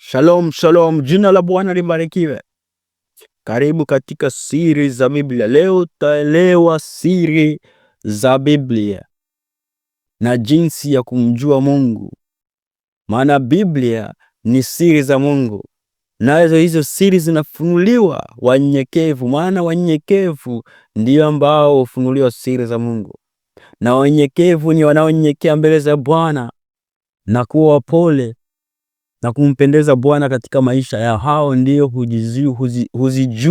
Shalom, shalom, jina la Bwana libarikiwe. Karibu katika siri za Biblia. Leo utaelewa siri za Biblia na jinsi ya kumjua Mungu, maana Biblia ni siri za Mungu, nazo hizo siri zinafunuliwa wanyenyekevu, maana wanyenyekevu ndio ambao hufunuliwa siri za Mungu, na wanyenyekevu ni wanaonyenyekea mbele za Bwana na kuwa wapole na kumpendeza Bwana katika maisha ya Hao ndio huzijua huzi,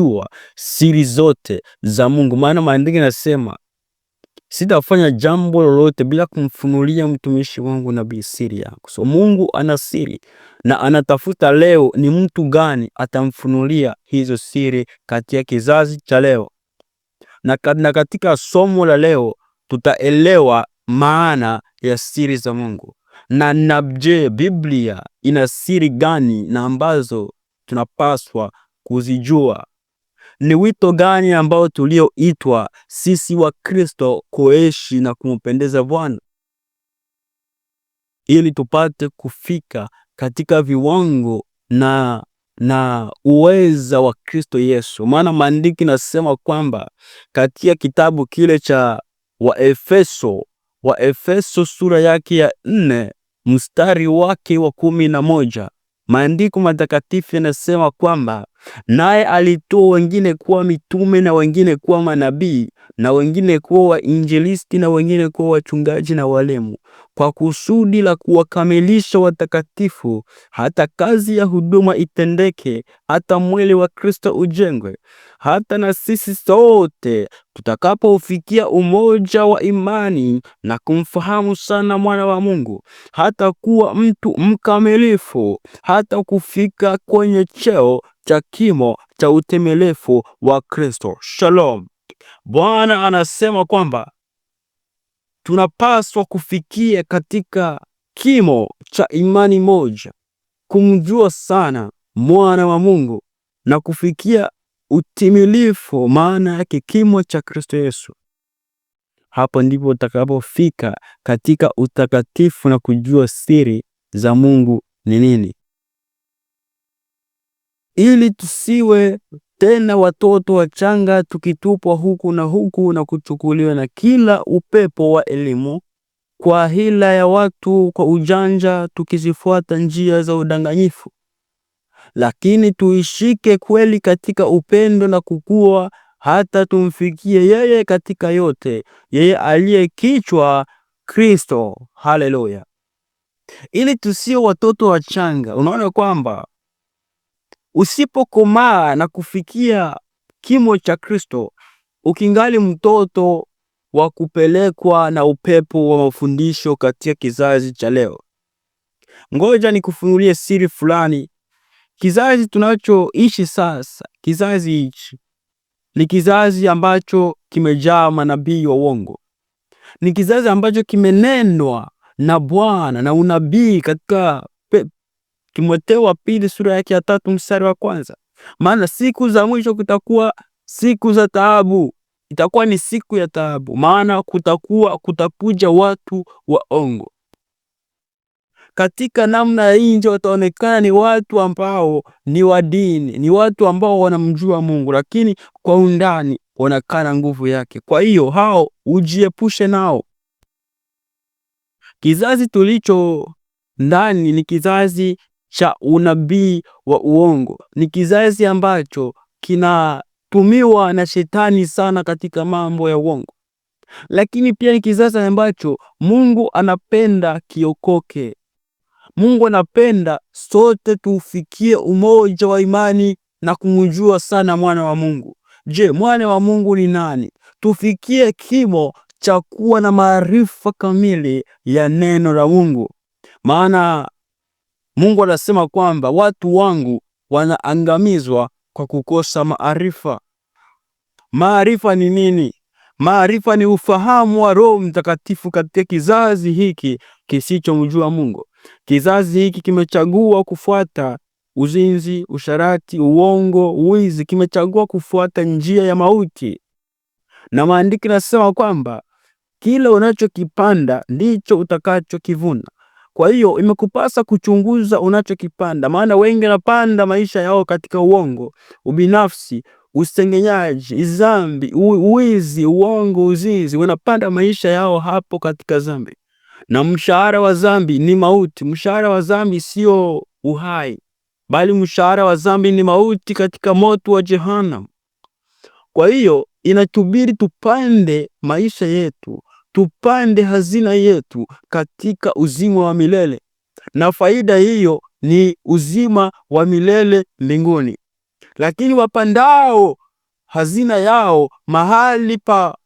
siri zote za Mungu, maana maandiko yanasema sitafanya jambo lolote bila kumfunulia mtumishi wangu nabii siri yako. So Mungu ana siri na anatafuta leo ni mtu gani atamfunulia hizo siri ya kizazi cha leo. Na, na katika somo la leo tutaelewa maana ya siri za Mungu na nabje, Biblia ina siri gani na ambazo tunapaswa kuzijua? Ni wito gani ambao tulioitwa sisi wa Kristo kuishi na kumpendeza Bwana ili tupate kufika katika viwango na na uweza wa Kristo Yesu. Maana maandiki nasema kwamba katika kitabu kile cha Waefeso, Waefeso sura yake ya nne mstari wake wa kumi na moja maandiko matakatifu yanasema kwamba naye alitoa wengine kuwa mitume na wengine kuwa manabii na wengine kuwa wainjilisti na wengine kuwa wachungaji na walimu kwa kusudi la kuwakamilisha watakatifu, hata kazi ya huduma itendeke, hata mwili wa Kristo ujengwe, hata na sisi sote tutakapoufikia umoja wa imani na kumfahamu sana mwana wa Mungu, hata kuwa mtu mkamilifu, hata kufika kwenye cheo cha kimo cha utimilifu wa Kristo. Shalom. Bwana anasema kwamba tunapaswa kufikia katika kimo cha imani moja, kumjua sana mwana wa Mungu na kufikia utimilifu, maana yake kimo cha Kristo Yesu. Hapo ndipo utakapofika katika utakatifu na kujua siri za Mungu ni nini, ili tusiwe tena watoto wachanga tukitupwa huku na huku na kuchukuliwa na kila upepo wa elimu, kwa hila ya watu, kwa ujanja, tukizifuata njia za udanganyifu. Lakini tuishike kweli katika upendo na kukua, hata tumfikie yeye katika yote, yeye aliye kichwa, Kristo. Haleluya! Ili tusio watoto wachanga. Unaona kwamba Usipokomaa na kufikia kimo cha Kristo, ukingali mtoto wa kupelekwa na upepo wa mafundisho katika kizazi cha leo. Ngoja nikufunulie siri fulani. Kizazi tunachoishi sasa, kizazi hichi ni kizazi ambacho kimejaa manabii wa uongo. Ni kizazi ambacho kimenenwa na Bwana na unabii katika Timotheo wa pili sura yake ya tatu mstari wa kwanza. Maana siku za mwisho kutakuwa siku za taabu, itakuwa ni siku ya taabu, maana kutakuwa kutakuja watu waongo. Katika namna hii nje wataonekana ni watu ambao ni wa dini, ni watu ambao wanamjua Mungu, lakini kwa undani wanakana nguvu yake. Kwa hiyo hao ujiepushe nao. Kizazi tulicho ndani ni kizazi cha unabii wa uongo. Ni kizazi ambacho kinatumiwa na shetani sana katika mambo ya uongo, lakini pia ni kizazi ambacho Mungu anapenda kiokoke. Mungu anapenda sote tufikie umoja wa imani na kumjua sana mwana wa Mungu. Je, mwana wa Mungu ni nani? Tufikie kimo cha kuwa na maarifa kamili ya neno la Mungu, maana Mungu anasema kwamba watu wangu wanaangamizwa kwa kukosa maarifa. Maarifa ni nini? Maarifa ni ufahamu wa Roho Mtakatifu katika kizazi hiki kisichomjua Mungu. Kizazi hiki kimechagua kufuata uzinzi, usharati, uongo, uwizi, kimechagua kufuata njia ya mauti. Na maandiki nasema kwamba kile unachokipanda ndicho utakachokivuna. Kwa hiyo imekupasa kuchunguza unachokipanda, maana wengi wanapanda maisha yao katika uongo, ubinafsi, usengenyaji, izambi, wizi uongo, uzinzi. Wanapanda maisha yao hapo katika zambi, na mshahara wa zambi ni mauti. Mshahara wa zambi sio uhai, bali mshahara wa zambi ni mauti katika moto wa Jehanamu. Kwa hiyo inatubidi tupande maisha yetu tupande hazina yetu katika uzima wa milele, na faida hiyo ni uzima wa milele mbinguni. Lakini wapandao hazina yao mahali pa,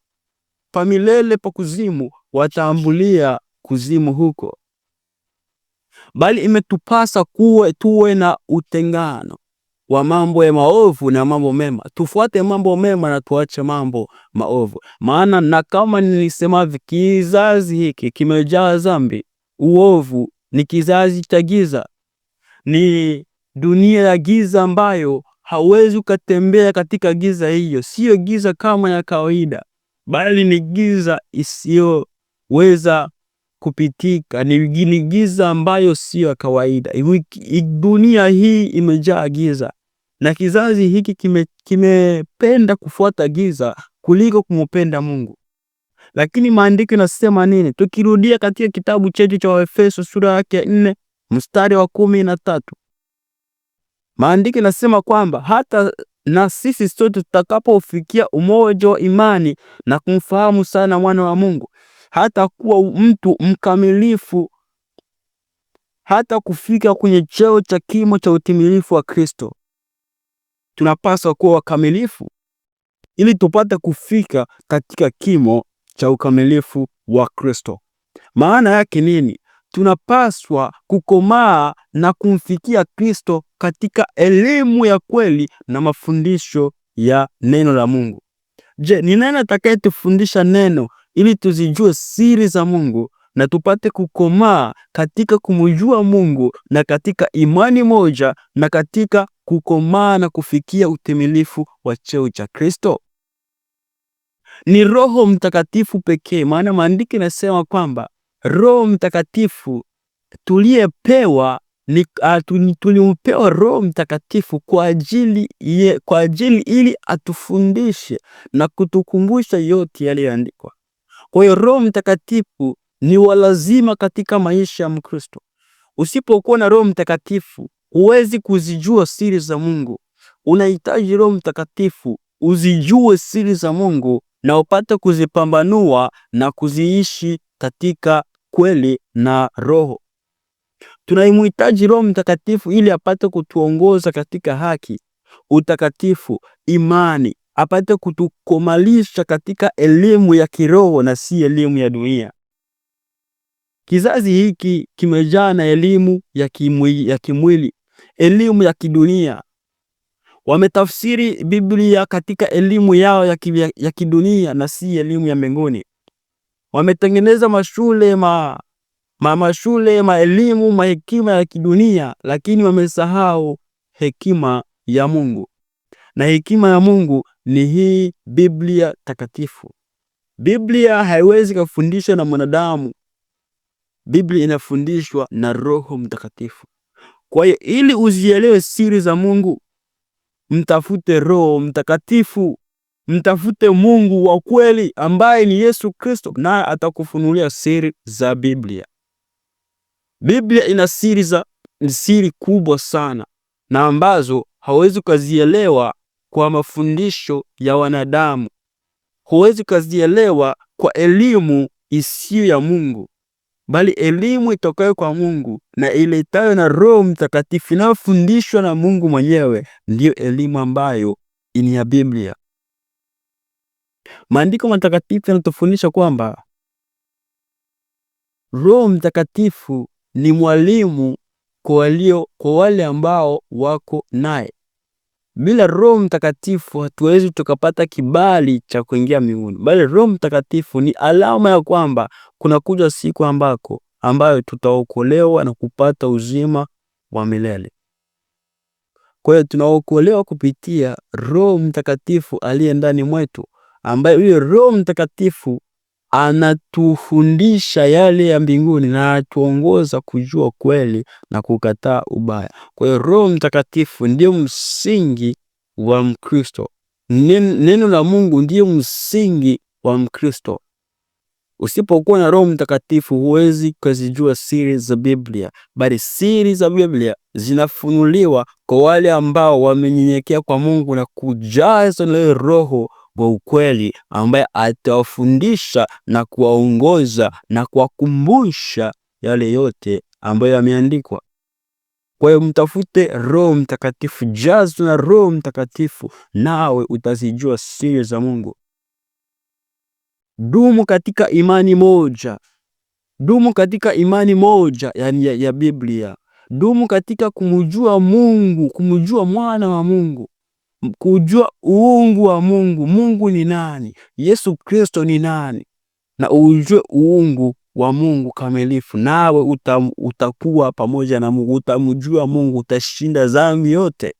pa milele pa kuzimu wataambulia kuzimu huko. Bali imetupasa kuwe tuwe na utengano wa mambo ya maovu na mambo mema. Tufuate mambo mema na tuache mambo maovu, maana na kama nilisema, kizazi hiki kimejaa dhambi, uovu. Ni kizazi cha giza, ni dunia ya giza ambayo hauwezi ukatembea katika giza hiyo. Siyo giza kama ya kawaida, bali ni giza isiyoweza kupitika, ni giza ambayo sio ya kawaida. Dunia hii imejaa giza na kizazi hiki kimependa kime kufuata giza kuliko kumupenda Mungu. Lakini maandiko inasema nini? Tukirudia katika kitabu chetu cha Waefeso sura yake ya nne mstari wa kumi na tatu maandiko inasema kwamba hata na sisi sote tutakapofikia umoja wa imani na kumfahamu sana mwana wa Mungu, hata kuwa mtu mkamilifu, hata kufika kwenye cheo cha kimo cha utimilifu wa Kristo tunapaswa kuwa wakamilifu ili tupate kufika katika kimo cha ukamilifu wa Kristo. Maana yake nini? Tunapaswa kukomaa na kumfikia Kristo katika elimu ya kweli na mafundisho ya neno la Mungu. Je, ni nani atakayetufundisha neno ili tuzijue siri za Mungu na tupate kukomaa katika kumjua Mungu na katika imani moja na katika kukomaa na kufikia utimilifu wa cheo cha Kristo? Ni Roho Mtakatifu pekee, maana maandiko yanasema kwamba Roho Mtakatifu tuliyepewa ni ah, uh, tulimpewa Roho Mtakatifu kwa ajili ye, kwa ajili ili atufundishe na kutukumbusha yote yaliyoandikwa. Kwa hiyo Roho Mtakatifu ni walazima katika maisha ya Mkristo. Usipokuwa na Roho Mtakatifu Huwezi kuzijua siri za Mungu, unahitaji Roho Mtakatifu uzijue siri za Mungu na upate kuzipambanua na kuziishi katika kweli na roho. tunaimhitaji Roho Mtakatifu ili apate kutuongoza katika haki, utakatifu, imani, apate kutukomalisha katika elimu ya kiroho na si elimu ya dunia. Kizazi hiki kimejaa na elimu ya kimwili, ya kimwili elimu ya kidunia. Wametafsiri Biblia katika elimu yao ya kidunia na si elimu ya mbinguni. Wametengeneza mashule ma, ma mashule maelimu mahekima ya kidunia, lakini wamesahau hekima ya Mungu, na hekima ya Mungu ni hii Biblia takatifu. Biblia haiwezi kufundishwa na mwanadamu. Biblia inafundishwa na Roho Mtakatifu. Kwa hiyo ili uzielewe siri za Mungu, mtafute Roho Mtakatifu, mtafute Mungu wa kweli ambaye ni Yesu Kristo, naye atakufunulia siri za Biblia. Biblia ina siri za siri kubwa sana na ambazo hawezi ukazielewa kwa mafundisho ya wanadamu, huwezi ukazielewa kwa elimu isiyo ya Mungu bali elimu itokayo kwa Mungu na iletayo na Roho Mtakatifu inayofundishwa na Mungu mwenyewe ndiyo elimu ambayo ni ya Biblia. Maandiko matakatifu yanatufundisha kwamba Roho Mtakatifu ni mwalimu kwa walio kwa wale ambao wako naye. Bila Roho Mtakatifu hatuwezi tukapata kibali cha kuingia mbinguni, bali Roho Mtakatifu ni alama ya kwamba kuja siku ambako ambayo tutaokolewa na kupata uzima wa milele. Kwa hiyo tunaokolewa kupitia Roho Mtakatifu aliye ndani mwetu, ambaye huyo Roho Mtakatifu anatufundisha yale ya mbinguni na anatuongoza kujua kweli na kukataa ubaya. Kwa hiyo Roho Mtakatifu ndio msingi wa Mkristo. Neno la Mungu ndiyo msingi wa Mkristo. Usipokuwa na Roho Mtakatifu huwezi kuzijua siri za Biblia, bali siri za Biblia zinafunuliwa kwa wale ambao wamenyenyekea kwa Mungu na kujaza na Roho wa ukweli ambaye atawafundisha na kuwaongoza na kuwakumbusha yale yote ambayo yameandikwa. Kwa hiyo mtafute Roho Mtakatifu, jazwa na Roho Mtakatifu nawe utazijua siri za Mungu. Dumu katika imani moja, dumu katika imani moja yani ya, ya Biblia. Dumu katika kumjua Mungu, kumjua mwana wa Mungu kujua uungu wa Mungu. Mungu ni nani? Yesu Kristo ni nani? Na ujue uungu wa Mungu kamilifu, nawe uta, utakuwa pamoja na Mungu, utamjua Mungu, utashinda dhambi yote.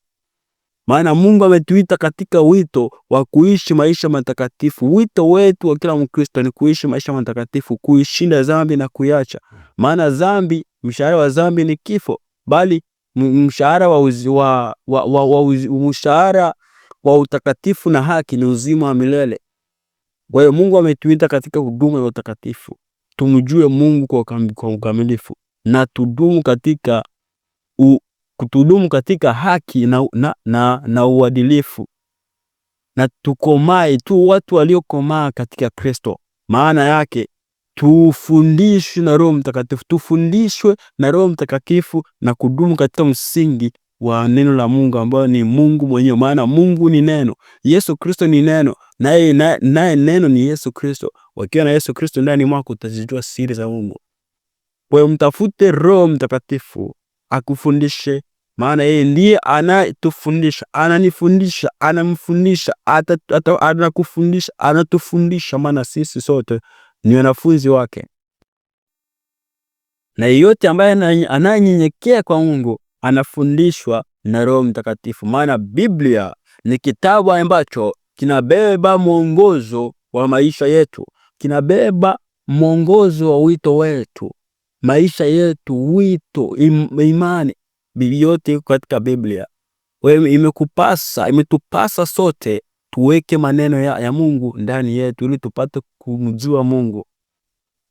Maana Mungu ametuita katika wito wa kuishi maisha matakatifu. Wito wetu wa kila Mkristo ni kuishi maisha matakatifu, kuishinda dhambi na kuiacha. Maana dhambi, mshahara wa dhambi ni kifo, bali mshahara wa, wa, wa, wa, mshahara wa utakatifu na haki ni uzima wa milele. Kwa hiyo Mungu ametuita katika huduma ya utakatifu, tumjue Mungu kwa, kwa ukamilifu na tudumu katika u, kutudumu katika haki na, na, na, na uadilifu na tukomae tu watu waliokomaa katika Kristo. Maana yake tufundishwe na Roho Mtakatifu, tufundishwe na Roho Mtakatifu na kudumu katika msingi wa neno la Mungu ambayo ni Mungu mwenyewe, maana Mungu ni neno, Yesu Kristo ni neno, naye naye neno ni Yesu Kristo. Wakiwa na Yesu Kristo ndani mwako utazijua siri za Mungu. Kwa hiyo mtafute Roho Mtakatifu akufundishe, maana yeye ndiye anatufundisha, ananifundisha, anamfundisha, anakufundisha, anatufundisha, maana sisi sote ni wanafunzi wake, na yeyote ambaye anayenyenyekea kwa Mungu anafundishwa na Roho Mtakatifu, maana Biblia ni kitabu ambacho kinabeba mwongozo wa maisha yetu, kinabeba mwongozo wa wito wetu, maisha yetu, wito, im, imani yote iko katika Biblia. Wewe imekupasa, imetupasa sote tuweke maneno ya, ya Mungu ndani yetu ili tupate kumjua Mungu.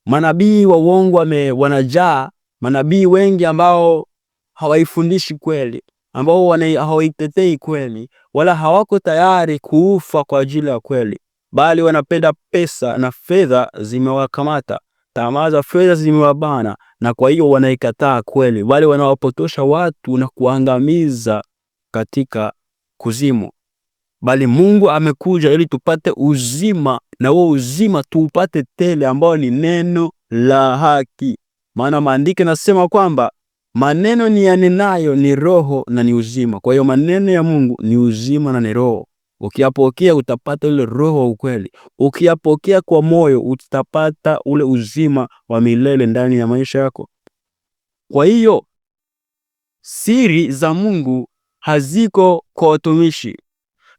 Manabii wa uongo wame wanajaa, manabii wengi ambao hawaifundishi kweli, ambao hawaitetei kweli, wala hawako tayari kuufa kwa ajili ya kweli, bali wanapenda pesa na fedha zimewakamata, tamaa za fedha zimewabana, na kwa hiyo wanaikataa kweli, bali wanawapotosha watu na kuangamiza katika kuzimu bali Mungu amekuja ili tupate uzima, na huo uzima tuupate tele, ambao ni neno la haki. Maana maandiko nasema kwamba maneno ni yanenayo ni roho na ni uzima. Kwa hiyo maneno ya Mungu ni uzima na ni roho. Ukiyapokea utapata ule roho wa ukweli. Ukiyapokea kwa moyo utapata ule uzima wa milele ndani ya maisha yako. Kwa hiyo siri za Mungu haziko kwa watumishi,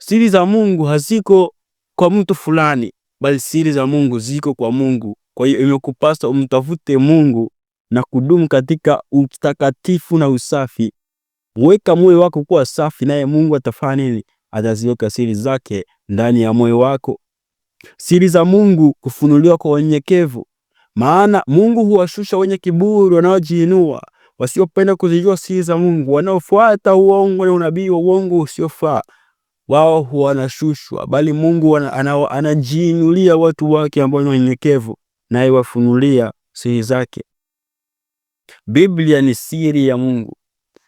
Siri za Mungu haziko kwa mtu fulani, bali siri za Mungu ziko kwa Mungu. Kwa hiyo imekupasa umtafute Mungu na kudumu katika utakatifu na usafi. Weka moyo wako kuwa safi, naye Mungu atafanya nini? Ataziweka siri zake ndani ya moyo wako. Siri za Mungu kufunuliwa kwa wanyenyekevu, maana Mungu huwashusha wenye kiburi, wanaojiinua, wasiopenda kuzijua siri za Mungu, wanaofuata uongo na unabii wa uongo usiofaa wao wanashushwa, bali Mungu anajiinulia watu wake ambao ni wanyenyekevu, naye wafunulia siri zake. Biblia ni siri ya Mungu,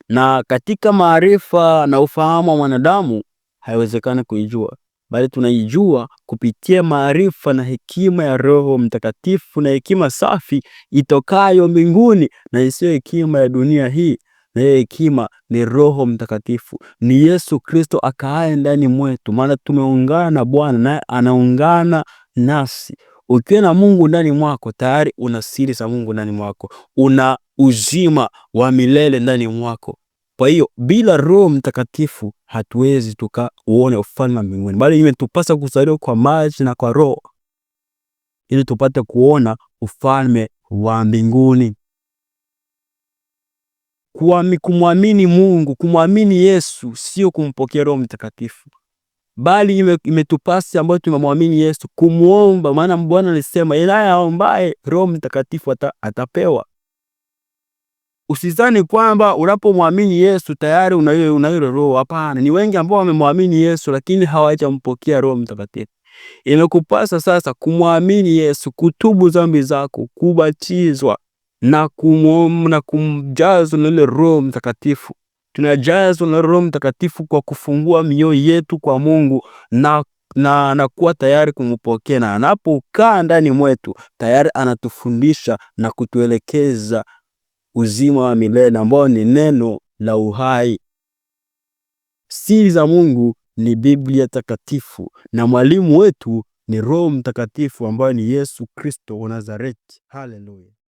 na katika maarifa na ufahamu wa mwanadamu haiwezekani kuijua, bali tunaijua kupitia maarifa na hekima ya Roho Mtakatifu na hekima safi itokayo mbinguni na isiyo hekima ya dunia hii na hiyo hekima ni Roho Mtakatifu, ni Yesu Kristo akaaye ndani mwetu, maana tumeungana na Bwana naye anaungana nasi. Ukiwa na Mungu ndani mwako, tayari una siri za Mungu ndani mwako, una uzima wa milele ndani mwako. Kwa hiyo bila Roho Mtakatifu hatuwezi tukauone ufalme wa mbinguni, bali imetupasa kuzaliwa kwa maji na kwa Roho ili tupate kuona ufalme wa mbinguni kumwamini Mungu, kumwamini Yesu sio kumpokea Roho Mtakatifu, bali imetupasi ambayo tumemwamini Yesu kumwomba, maana Bwana alisema ila aombaye Roho Mtakatifu ata, atapewa. Usizani kwamba unapomwamini Yesu tayari unayo unayo roho. Hapana, ni wengi ambao wamemwamini Yesu lakini hawajampokea Roho Mtakatifu. Inakupasa sasa kumwamini Yesu, kutubu dhambi zako, kubatizwa na kumwomba na kumjazwa na ile Roho Mtakatifu. Tunajazwa na Roho Mtakatifu kwa kufungua mioyo yetu kwa Mungu na na anakuwa tayari kumpokea, na anapokaa ndani mwetu tayari anatufundisha na kutuelekeza uzima wa milele ambao ni neno la uhai. Siri za Mungu ni Biblia takatifu na mwalimu wetu ni Roho Mtakatifu ambaye ni Yesu Kristo wa Nazareti. Haleluya!